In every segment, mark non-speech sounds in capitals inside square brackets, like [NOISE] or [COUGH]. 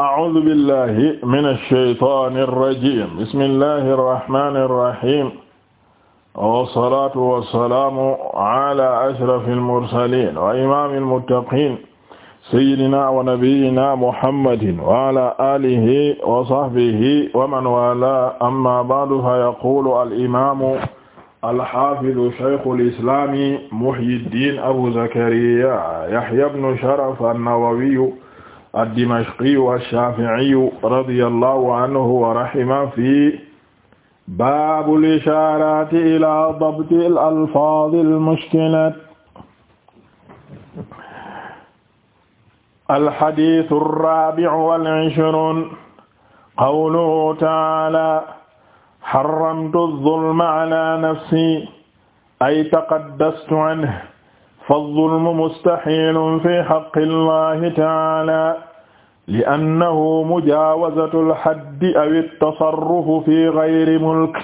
أعوذ بالله من الشيطان الرجيم بسم الله الرحمن الرحيم والصلاة والسلام على أشرف المرسلين وإمام المتقين سيدنا ونبينا محمد وعلى آله وصحبه ومن والاه أما بعد فيقول الإمام الحافظ شيخ الإسلام محي الدين أبو زكريا يحيى بن شرف النووي ad-Dimashqi ash-Shafi'i radiyallahu anhu wa rahimahu fi baabul ishaarati ilaa dabtil alfaazil mushkilaat alxadiisu raabi'u wal ishruun qawluhu ta'aalaa xarramtu zulma alaa nafsii ay taqaddastu anhu fa zulmu mustaxiilun fi xaqqi Allaahi ta'aalaa li annahu mujaawazatu lxaddi aw tasarrufu fi gayri mulk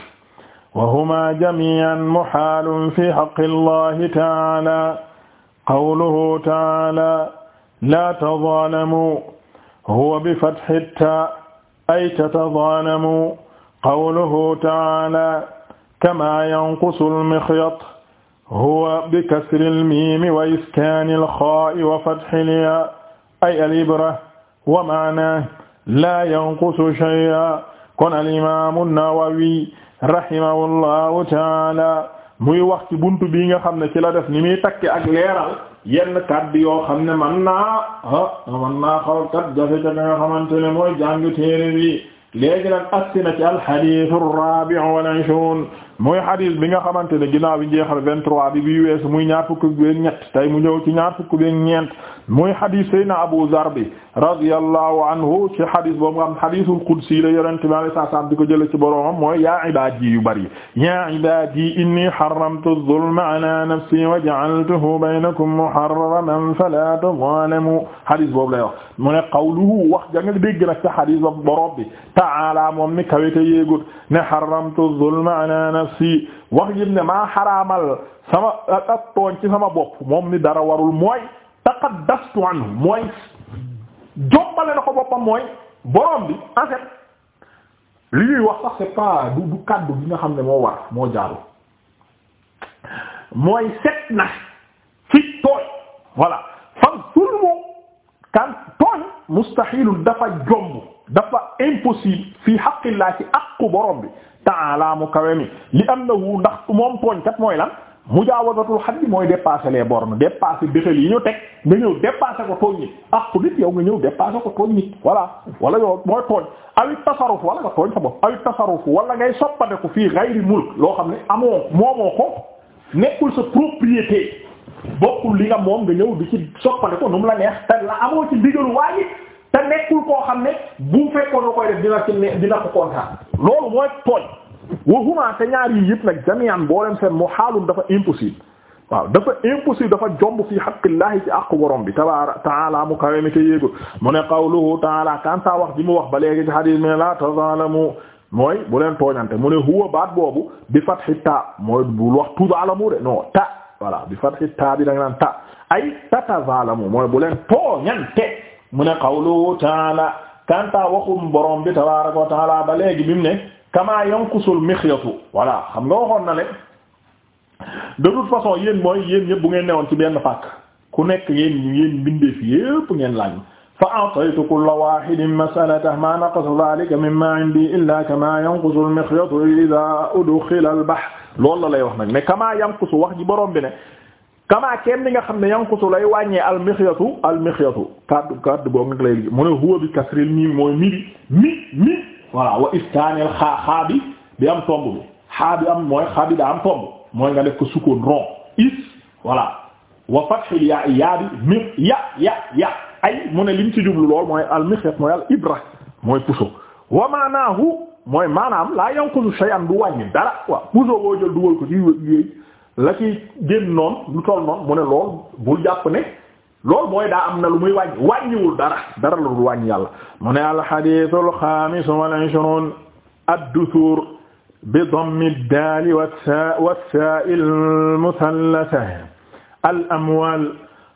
wa huma jamii'an muhaalun fi haqqi llahi ta'aala qawluhu ta'aala laa tazaalamuu huwa bi fathi taa ay tatazaalamuu qawluhu ta'aala kamaa yanqusu lmikyat huwa bi kasri lmiimi wa iskaani lxaa'i wa fathi lyaa ay al-ibra wa maana la yanqusu shay'a kon al imaamu Nawawi rahimahullahu taala muy wax ci buntu bii nga xam ne ci la def ni muy takke ak leeral yenn kàddu yoo xam ne man naa ah man naa xaw kat jafe ca nga xamante ne mooy jàng téere bi léegi nag agsi na ci alxadiis ar-raabi' wal ishuun muy xadiis bi nga xamante ne ginnaaw bi jeexal vingt-trois bi bii weesu muy ñaar fukk beeg ñett tey mu ñëw ci ñaar fukk beeg ñeent muy xadis sayna Abu Zar bi radiyallahu anhu ci xadis boobu nga xam xadisul qudsi la yonente bi alayhi salaam di ko jële ci boroomam mooy yaa ibaadi yu bari yaa ibaadi inni harramtu zulma ala nafsi wa ja'altuhu baynakum muharraman fala tazalamu xadis boobu lay wax mu ne qawluhu wax ja nga dégg nag ci xadis ba boroom bi ta'ala moom mi kawite yéegut ne harramtu zulma ala nafsi wax yim ne maa xaraamal sama ak tooñ ci sama bopp moom ni dara warul mooy taqaddastu anhu mooy jombale na ko boppam mooy borom bi en fait ñuy wax sax c'est du du kàddu gi nga xam ne moo war moo jaaru mooy set na fi tooñ voilà fan zulmu kan tooñ mustahilul dafa jomb dafa impossible fii haqqillah ci akku borom bi ta'ala mu kawe mi li am na wu ndax moom tooñ kat mooy lan mu mujaawazatul xaddi mooy dépasser les bornes dépasser béxal yi ñu teg nga ñëw dépasser ko tooñ nit aqu nit yow nga ñëw dépasser ko tooñ nit voilà wala yow mooy tooñ awit tasaruf wala nga tooñ sa bopp awit tasaruf wala ngay soppaneku fii gayri mulk loo xam ne amoo moomoo ko nekkul sa propriété bokkul li nga moom nga ñëw di ci soppane ko nu mu la neex te la amoo ci ndigalu waaye te nekkul koo xam ne bu fekkoon la koy def dina ci dina ko kontaan loolu moo tooñ waxumaa te ñaar yi yëpp nag jami'an boolem seen mu xaalun dafa impossible waaw dafa impossible dafa jomb fi xaqillahi ci àqu borom bi tabaaraka ta'ala mu kawe mi te yéegul mu ne qawluhu ta'ala kanta wax ji mu wax ba léegi ci xadiis mi ne la tazalamu mooy bu leen tooñante mu ne huwa baat boobu bi fathi ta mooy bul wax tuzalamu de non ta voilà bi fathi ta bi da nga naan ta ay tatazalamu mooy bu leen tooñante mu ne qawluhu ta'ala kanta waxum borom bi tabaaraka wa ta'ala ba léegi bi mu ne kamaa yankusul mixyatu voilà xam nga waxoon na le de toute façon yéen mooy yéen ñëpp bu ngeen newoon ci benn pàkk ku nekk yéen yéen mbindeef yépp ngeen laaj fa a'taytu kulla wahidin masalatahu ma naqasa dhalika mimma 'indi illa kama yanqusu al-mikhyatu idha udkhila al loolu la lay wax nag mais kama yanqusu wax ji borom bi ne kama kenn bi nga xam ne yanqusu lay wàññee al-mikhyatu al-mikhyatu kaddu kaddu boobu mu ne huwa bi kasril mim mooy mi mi voilà wa iftaaneel xaa xaa bi am tomb bi xaa am mooy xaa daa am tomb mooy nga def ko sukkoon ron is voilà wa fathil yaa ya ya ya ay mu ne lim ci jublu lool mooy al mixet mooy al ibra mooy puso wa maanaahu mooy maanaam laa yanqusu shay'an du wàññi dara waaw puso boo jël dugal ko ci la ci génn noonu lu toll noonu mu ne lool bul jàpp ne loolu mooy daa am na lu muy wàññ wàññiwul dara dara lu wàññ yàlla mu ne alxadiitul xaamis wal ishruun ad-dusuur bi dammi daali wassaail musallasa al amwaal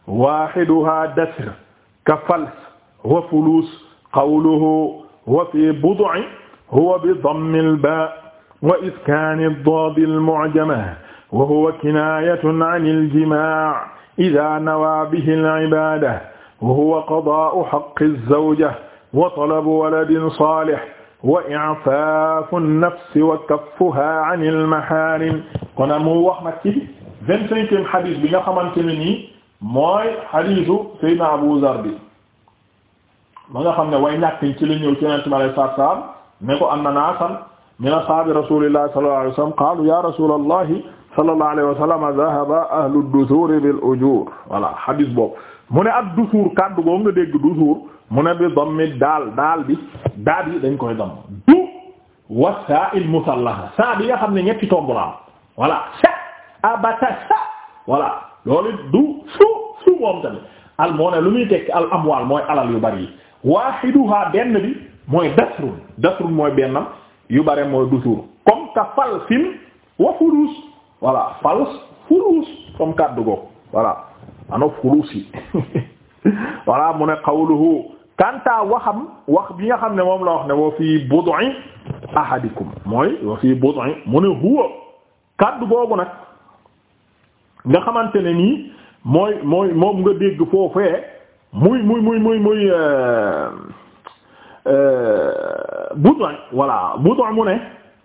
waahiduhaa dasr ka fals wa fuluus qawluhu wa fi bud'i huwa bi dammil baa wa iskaani daadil mu'jama wa huwa kinaayatun anil jimaa' ida nawaa bihi al-ibaada wa huwa qadaa'u haqqi az-zawja wa talabu waladin saalih wa i'faafu an-nafsi wa kaffuhaa 'ani al-mahaarim kon mu wax nag ci vingt-cinquième xadis bi nga xamante ne nii mooy xadisu Seydina Abu Zarr bi ba nga xam ne way ñàkk ci la ñëw ci Yonent bi alayhi salaatu salaam ne ko anna naasan min ashaabi rasuulillahi sallallahu alayhi wa sallam qaalu yaa rasuulallahi sallallahu alayhi wa sallam dhahaba ahlu dusuur bil ujur voilà hadis boobu mu ne ak dusuur kàddu goo nga dégg dusuur mu ne bi dammi daal daal bi daal yi dañ koy damm du wa saa il musallaha saa bi nga xam ne ñetti tomb la voilà sa abata sa voilà loolu du su su moom tamit al moo ne lu muy tekki al amwaal mooy alal yu bari yi waahiduha benn bi mooy dasrun dasrun mooy bennam yu bare mooy dusuur comme ka falsin wa furus voilà fals fulus comme kàddu googu voilà ano fulus yi [LAUGHS] voilà mu ne qawluhu kanta waxam wax bi nga xam ne moom la wax ne wa fii bud'i ahadikum mooy wa fii bud'i mu ne huwa kàddu googu nag nga xamante ne nii mooy mooy moom nga dégg foofee muy muy muy muy muy euh, euh, bud'i voilà bud'i mu ne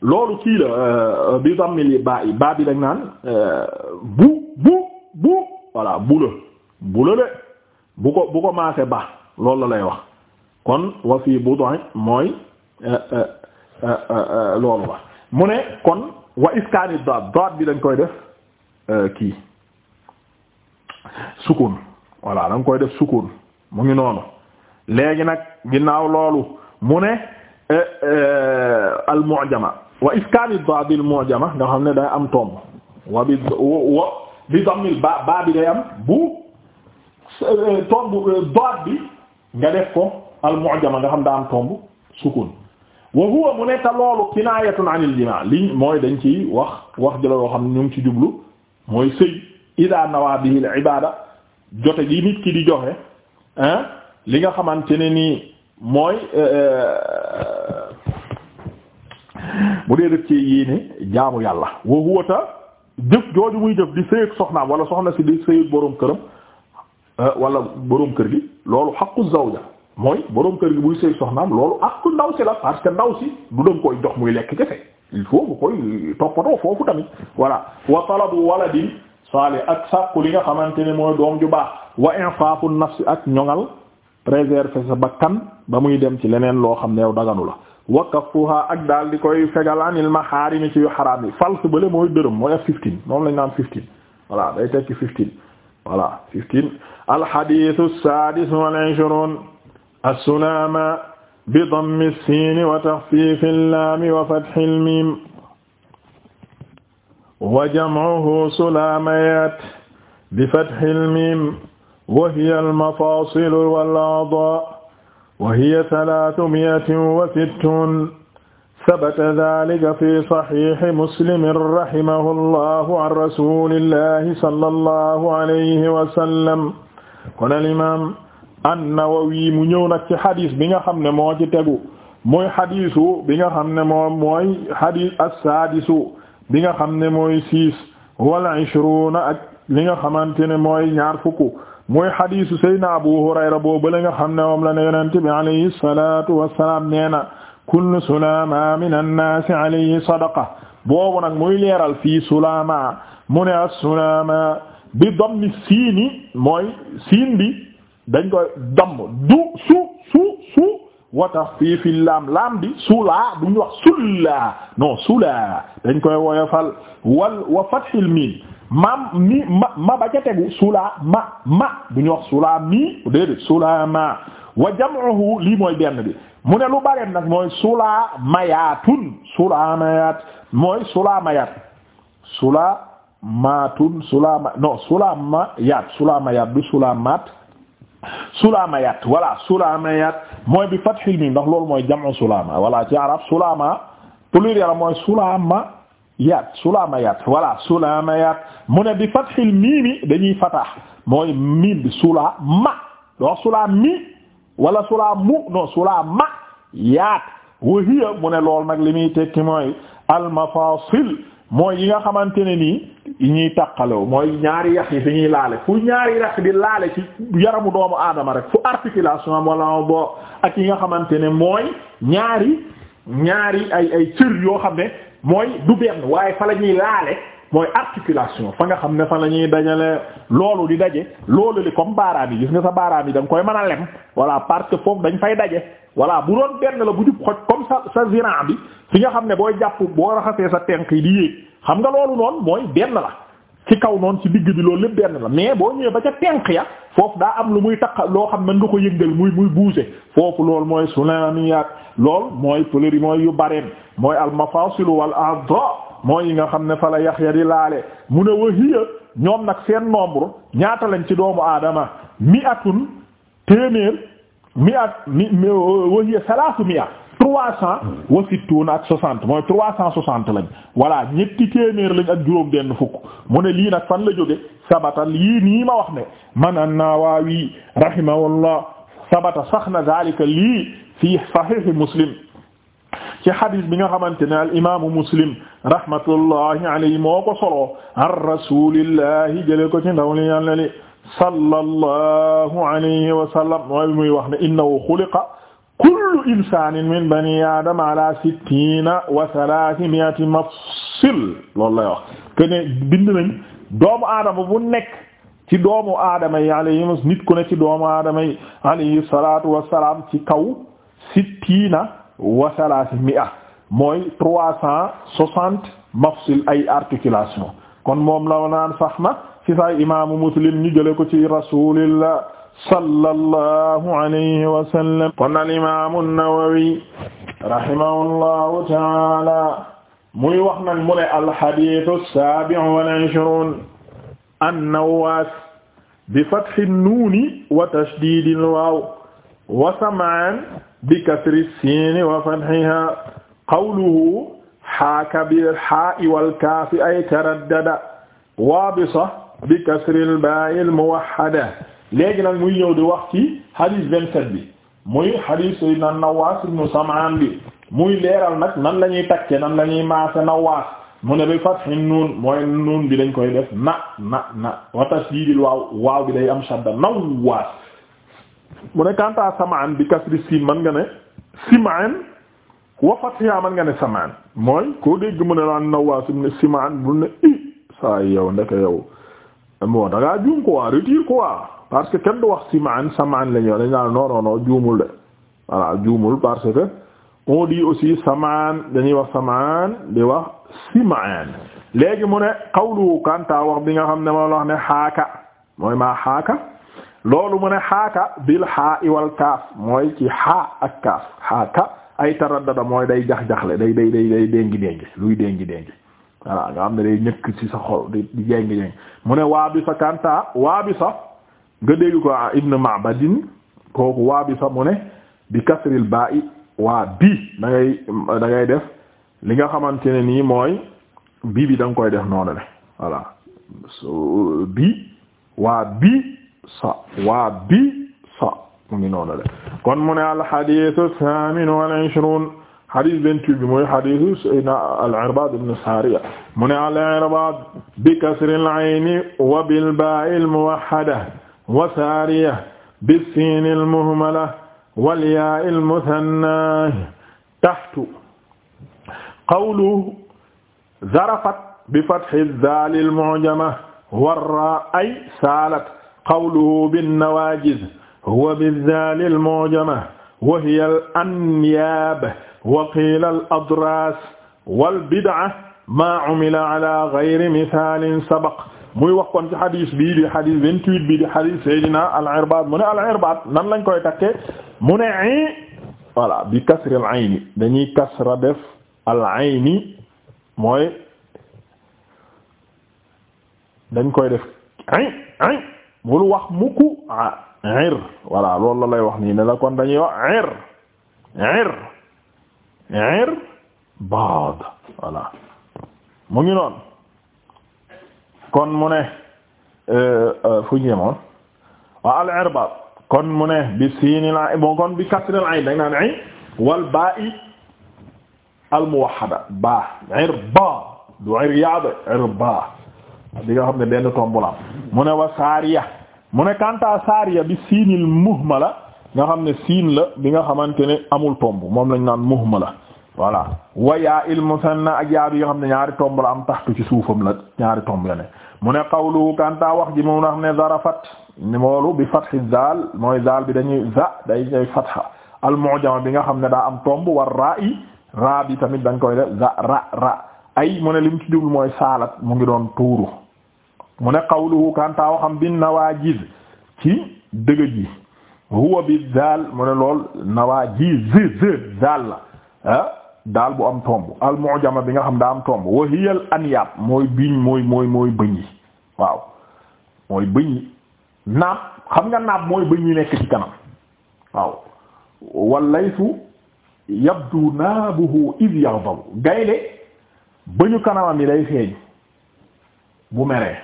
loolu kii la euh, bi dammil ba yi ba bi dañ naan euh, bu bu bu voilà bu la bu bu ko bu ko maase ba loolu la lay wax kon wa fii budon mooy euh, loolu la mu ne kon wa iskaani daat daat bi dañ koy def kii sukun voilà dañ koy def sukun mu ngi noonu léegi nag ginnaaw loolu mu ne al mu'jama wa iskaani babil mu'jama nga xam ne day am tomb wa bi wa bi dammil ba ba bi day am bu tomb doit bi nga def ko al mu'jama xam daa am tomb sukun wa huwa mu ne loolu kinaayatun anil jima li mooy dañ ci wax wax jëla yoo xam ne ñu ngi ci jublu mooy sëy ida nawaa bihi al ibada jote gi nit ki di joxe li nga xamante ne nii mooy euh, bu dee def ci yéene jaamu yàlla wa huwa ta jëf jooju muy jëf di sëyeeg soxnaam wala soxna si di sëyeeg boroom këram euh, wala boroom kër gi loolu xaqu zawja mooy boroom kër gi buy sëyeeg soxnaam loolu aqu ndaw si la parce que ndaw si du doon koy jox muy lekk kese il koy toppatoo foofu tamit voilà wa talabu waladin salih ak sàkku li nga xamante ne mooy doom ju baax wa infaafu nafsi ak ñoŋal préserver sa bakkan ba muy dem ci leneen loo xam ne yow daganu la wa kaffuha ak daal di koy fegal anil maxaarimi ci yu xaraam yi fals bale mooy dërëm mooy ak fifteen moom lañ naan fifteen voilà day tekki fifteen voilà fifteen alxaditu sadis wal ishrun as-sulama bi dammi as-sin wa taxfifi al-lam wa fathi al-mim wa jam'uhu sulamayat bi fathi al-mim wa hiya al-mafasil wal a'dha wa hiya talaatu mi'atin wa sittuun sabata daalika fi saxiixi muslimin rahimahullahu an rasuulillahi sallallahu alayhi wa sallam kon alimaam an-Nawawi mu ñëw nag ci xadis bi nga xam ne moo ci tegu mooy xadisu bi nga xam ne moom mooy xadis as-saadisu bi nga xam ne mooy siis wal ishruuna ak li nga xamante ne mooy ñaar fukk muy xadiisu Seydina Abu Hurayra boobu la nga xam ne moom la ne yonente bi alayhi salatu wasalaam nee na kullu sulama min annaasi alayhi sadaqa boobu nag muy leeral fii sulama mu ne as-sulama bi dammi siini mooy siin bi dañ koy damm du su su su wa taxfiifi laam laam bi sulaa duñ wax sullaa non sulaa dañ koy woyofal wal wa fathil miim maam mi ma ma ba ca tegu ma ma bu ñu wax sulaa mi déedéet sulaa ma wa jam'uhu lii mooy benn bi mu ne lu bareem nag mooy sulaa mayaatun sulaa mayaat mooy sulaa mayaat sulaa maatun sulaa ma non sulaa mayaat sulaa mayaat du sulaa mooy bi fathil mi ndax loolu mooy jam'u sulaama voilà ci arab sulaama pluriel mooy sulaama yaat sulaama yaat voilà sulaama yaat mu ne di bi fathil miimi dañuy fatah mooy miim bi sulaa ma doo sulaa mi wala sulaa mu non sulaa ma yaat wa hiya mu ne lool nag li muy tekki mooy almafasil mooy yi nga xamante ne nii yi ñuy tàqalew mooy ñaari yax yi fi ñuy laale fu ñaari yax di laale ci yaramu doomu aadama rek fu articulation am wala bo ak yi nga xamante ne mooy ñaari ñaari ay ay cër yoo xam ne mooy du benn waaye fa la ñuy laale mooy articulation fa nga xam ne fa la ñuy dajale loolu di daje loolu li comme baaraam yi gis nga sa baaraam yi da nga koy mën a lem voilà parce que foofu dañ fay daje voilà bu doon benn la bu jub xoj comme sa sa ziran bi fi nga xam ne booy jàpp boo raxasee sa tenk yi di yéeg xam nga loolu noonu mooy benn la ci kaw noonu ci digg bi loolu lépp benn la mais boo ñëwee ba ca tenk ya foofu daa am lu muy takk loo xam mën nga ko yëngal muy muy bouger foofu loolu mooy sulamiyat lool mooy pluri mooy yu bareen mooy al mafasil wal a'dha mooy yi nga xam ne fa la yax ya di laale mu ne wa ñoom nag seen nombre ñaata lañ ci doomu aadama mi atun téeméer mi at mi wa mi at trois wa sittuuna ak soixante mooy trois cent soixante lañ voilà ñetti téeméer lañ ak juróom benn fukk mu ne lii nag fan la jóge sabata lii nii ma wax ne man an-Nawawi rahimahullah sabata sax na zalika lii fi sahihi Muslim ci xadis bi nga xamante ne al imaamu Muslim rahmatullahi alayhi moo ko soloo an rasulillahi jële ko ci ndaw li yàlla li sallallahu alayhi muy wax ne innahu xuliqa kullu insaanin min bani aadama ala sittina wa thalathimiati mafsil loolu lay wax kene bind nañ doomu aadama bu nekk ci doomu aadama yi alayhi nit ku ne ci doomu aadama yi alayhi salatu wasalaam ci kaw sittina wa thalathimia mooy trois cent soixante mafsil ay articulation kon moom la naan sax na ci say imaamu muslim ñu jële ko ci rasulillah sallallahu alayhi wa sallam kon al imaamu Nawawi rahimahullahu taala muy wax nag mu ne alxadiisu saabi'u wal ishruun an-Nawwaas bi fathi nuuni wa tashdiidil waaw wa Sam'aan bi kasri siini wa fathihaa qawluhu haaka bil haa'i wal kaafi ay taraddada waabisa bi kasril baa'il muwahhada léegi nag muy ñëw di wax ci hadith bi muy hadith sayyidina Nawaas ibn Sam'aan bi muy leeral nag nan lañuy ñuy takke nan la ñuy maase Nawaas mu ne bi fathin nuun mooy nuun bi dañ koy def na na na wa tasdiidil waaw bi day am shadda Nawaas mu ne kanta Sam'aan bi kasri siin man nga ne Sim'aan wa fathiha man nga ne Sam'aan mooy koo dégg mu ne naan Nawaas ibn Sim'aan bu ne i saa yow ndeke yow moo dangaa juum quoi retire quoi parce que kenn du wax simaan samaan la ñëw dañ naan non juumul de voilà juumul parce que on dit aussi samaan dañuy wax samaan di wax simaan léegi mu ne xawlu kanta wax bi nga xam ne moo la wax ne xaaka mooy maa xaaka loolu mu ne xaaka bil xaa iwal kaaf mooy ci xaa ak kaaf xaaka ay taraddada mooy day jax-jaxle day day day day déngi déngi luy déngi déngi voilà nga xam ne day ñëkk ci sa xol di jéngi jéngi mu ne waa kanta waa nga dégg ko ibn Ma'badin kooku waa bi sax mu ne bi kasril ba'i waa bi da ngay da ngay def li nga xamante ne nii mooy bii bi danga koy def noonu le voilà so bi waa bi sa waa bi sa mu ngi noonu le kon mu ne al hadith thamin wal ishrun hadith vingt-huit bi mooy hadith sayyidina al-Irbad mu ne al-Irbad bi kasril ayni wa bil ba'il muwahhada wa saariya bissiini almuhmala wal yaa'i almuthannaa tahtu qawluhu zarafat bi fathi zaali almu'jama warra ay saalat qawluhu binnawaajiz huwa bizzaali almu'jama wa hiya al-anyaab wa qiila al-adraas wal bid'a maa umila ala ghayri mithaalin sabaq muy wax kon ci hadis bi di hadis vingt-huit bi di hadis Seydina al-Irbad mu ne al-Irbad nan lañ koy takke mu ne i voilà bi kasril ayni dañuy kasra def al-ayni mooy dañ koy def i i bul wax mukku ah ir voilà loolu la lay wax nii ne la kon dañuy wax ir ir ir baad mu ngi noonu kon mu ne euh, euh, fu ñeemoon wa al irbad kon mu ne bi siinil ayn bon kon bi kasril ayn dag naan ayn wal ba'i al muwahhada ba irba du iryaad irba bi nga xam ne benn tombolam mu ne wa saariya mu ne kanta saariya bi siinil muhmala nga xam ne siin la bi nga xamante ne amul tomb moom lañ naan muhmala voilà wa yaa il ak yaa bi yoo xam ne ñaari tomb la am taxtu ci suufam la ñaari tomb la ne mu ne qawluhu kanta wax ji mu wax ne zarafat moolu bi fathi zaal mooy zaal bi dañuy za day bi nga xam ne daa am tomb war raa i raa tamit dañ koy def za mooy saalat mu ngi doon tuuru ne qawluhu kanta waxam bi nawaajiz ci dëgëj yi huwa bi zaal mu ne lool nawaajiz zaal la ah. daal bu am tomb al mu'jama bi nga xam daa am tomb wa hiya al anyab mooy biñ mooy mooy mooy bëñ yi waaw mooy bëñ yi naab xam nga naab mooy bëñ yi nekk ci kanam waaw wallaytu yabdu naabuhu id yaghdabu gayle bëñu kanamam yi lay feeñ bu meree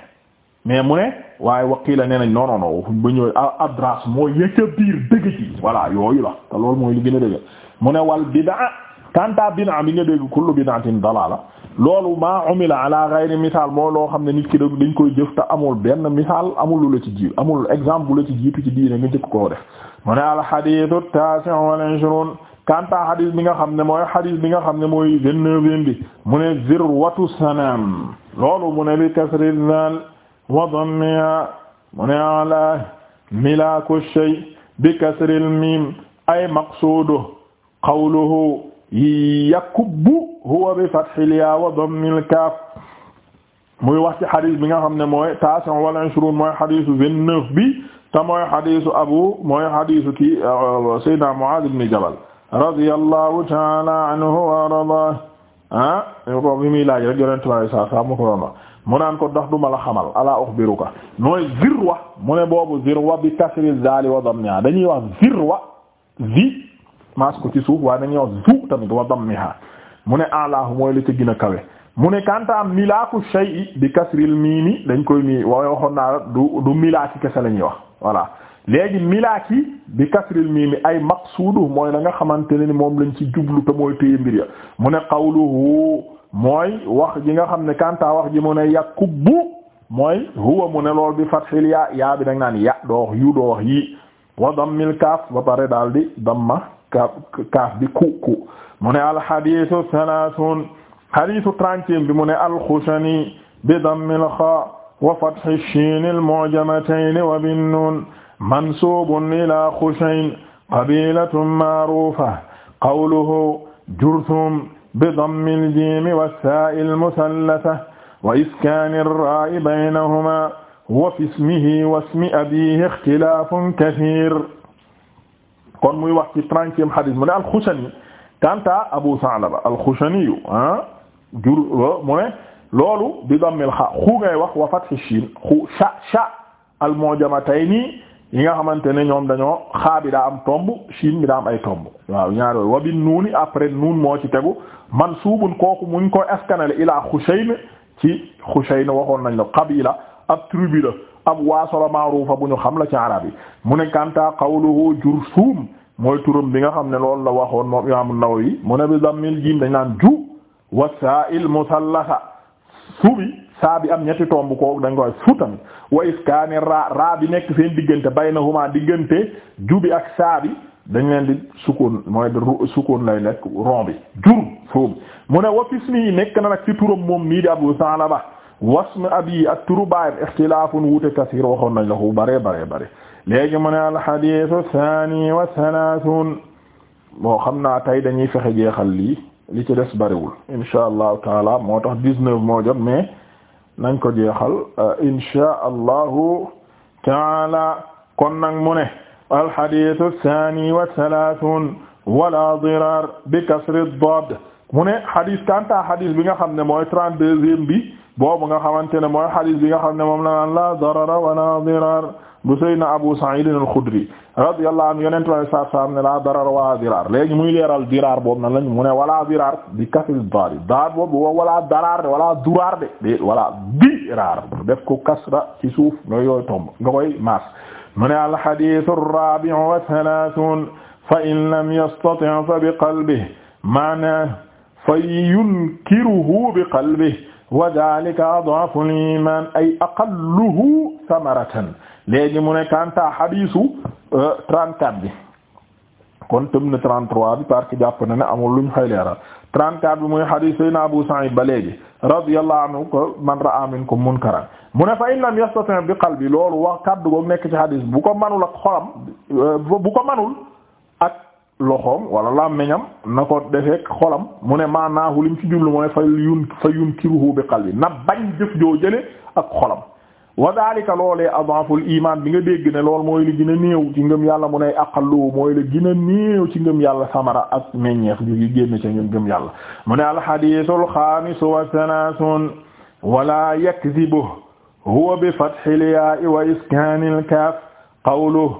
mais mu ne waaye waqiila nee nañ non non non ba adras mooy yëcca biir dëgg ci voilà yooyu la te loolu mooy li gën a dëgg mu ne wal bidaa kanta bina bi nga dégg kullu bid'atin dalaala loolu maa umila ala ghayri misaal moo loo xam ne nit ki dañ koy jëf te amul benn misaal amul lu la ci jiitu amul exemple bu la ci jiitu ci diine nga njëkk koo def mu ne al hadith at-tasi' wal 'ishrun kanta hadith bi nga xam ne mooy hadith bi nga xam ne mooy vingt-neuvième bi mu ne zirwatu sanam loolu mu ne bi kasri zal wa dammiha mu ne ala milaku shay bi kasri al mim ay maqsudu qawluhu yakubbu huwa bi fathil yaa wa dammil kaaf muy wax ci xadis bi nga xam ne mooy taasan wal ishrun mooy xadisu vingt-neuf bi te mooy xadisu abu mooy xadisu ki euh, sayyidina Muaaz ibn Jabal radiyallahu ta'ala anhu wa arda ah ko bi muy laaj rek yonent bi saa saa mu ko doon wax mu naan ko ndax du ma la xamal ala ukhbiruka nooy zirwa mu ne boobu zirwa bi kasri zaali wa dammiha dañuy wax zirwa zi maas ko ci suuf waaye dañuy wax zu tamit wa dammiha mu ne alaahu mooy li ci gën a kawe mu ne kantaam milaaku shay'i bi kasril miimi dañ koy mii waaye waxoon naa du du milaaki kese la ñuy wax voilà léegi milaaki bi kasril miimi ay maqsuudu mooy la nga xamante ne ni moom lañ ci jublu te mooy téye mbir ya mu ne qawluhu mooy wax ji nga xam ne kantaa wax ji mu ne yakubbu mooy huwa mu ne lool bi fathil yaa yaa bi nag doo wax yu doo wax yi wa dammil kaaf ba pare daal di damma kaaf kaaf bi ku ku mu ne alxadiisu salaasuun xadiisu trentième bi mu ne alxushani bi dammil xaa wa fatxi shiin almu'jamatayni wa binnuun mansuubun ilaa xushayn qabiilatun ma'ruufa qawluhu jurthum bi dammil jiimi wassaa'il musallasa wa iskaanir raa'i baynahumaa wa fi ismihi wa ismi abiihi ixtilaafun kasiir kon muy wax ci trentième hadith mu ne al-Khushani kanta Abu Sa'laba al-Khushani ah, mu ne loolu bi dammil xa xu ngay wax wa fathi shin xu sha sha al-mu'jamatayni yi nga xamante ne ñoom dañoo xaa bi daa am tomb shin bi da am ay tomb waaw ñaar yooyu wa bin nuuni après nuun moo ci tegu mansuubun kooku muñ koy askanale ilaa Khushayn ci Khushayn waxoon nañ la qabila ab tribu la ab waasolo maaruufa bu ñu xam la ci arab yi mu ne kanta qawluhu jursuum mooy turam bi nga xam ne loolu la waxoon moom imaam Nawawi mu ne bi dammil jiim dañ naan ju wa sa'il musallasa subi saa bi am ñetti tomb ko dañ koy futam wa iskaani ra ra nekk seen diggante baynahuma diggante ju bi ak saabi dañ leen di sukkoon mooy sukkoon lay nekk ron bi jur suum mu ne wa ismi nekk na nag ci turam moom mii di Abu Salaba wasm abi ak turu baayam ixtilaafun wuute kasiir waxoon nañ la ko bare bare bare léegi mu ne alxadiisu saani wa salaasuun boo xam naa tey dañuy fexe jeexal lii li ci des bariwul insha allahu taala moo tax dix-neuf moo jot mais nañ ko jeexal euh, insha allahu taala kon nag mu ne alxadiisu saani wa salaasuun wala diraar bi kasri ad-daad mu ne xadiis kanta xadiis bi nga xam ne mooy trente-deuxième bi boobu nga xamante ne mooy xadis bi nga xam ne moom la naan la darara wala dirar bu saydna Abu Sa'id al-Khudri radiyallahu anhu yonent way sar saam ne la darara wala dirar léegi muy leeral dirar boobu nan lañ mu ne wala dirar bi kasril dari daar boobu wala daraar de wala duraar de dé wala dirar def ko kasra ci suuf nga yooyu tomb nga koy maas mu ne al-hadith ar-rabi' wa thalathun fa in lam yastati' fa bi qalbihi maana fa yunkiruhu bi qalbihi wa dhalika ad'afu al-iman ay aqalluhu samaratan léegi mu ne kanta hadisu 34 euh, bi kon tëm na 33 bi parce que jàpp na ne amul luñ xëy leeral 34 bi muy hadis sayna Abu Sa'id ba léegi radiyallahu anhu ko man ra'a minkum munkaran mu ne fa in lam yastati' bi qalbi loolu wax kaddu go nekk ci hadis bu ko manul ak xolam euh, bu ko manul loxoom wala làmmiñam na ko defeek xolam mu ne maanaahu lim ci jublu mooy fa yun fa yunkiruhu bi qalbi na bañ jëf joo ak xolam wa daalika loolee adaful iman bi nga dégg ne lool mooy li gën néew ci ngëm yàlla mu ne aqallu mooy li gën néew ci ngëm yàlla samara ak meññeef gi génn ci ngëm yàlla mu ne alxadiisul xaamisu wa salaasun wala yakzibu huwa bi fathil yaa'i wa iskaanil kaaf qawluhu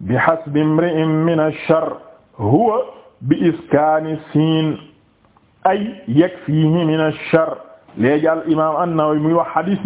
bi hasbi imri'in min ash-sharr huwa bi iskaani siin ay yakfihi min ash-sharr léegi al imaam an-Nawawi muy wax hadith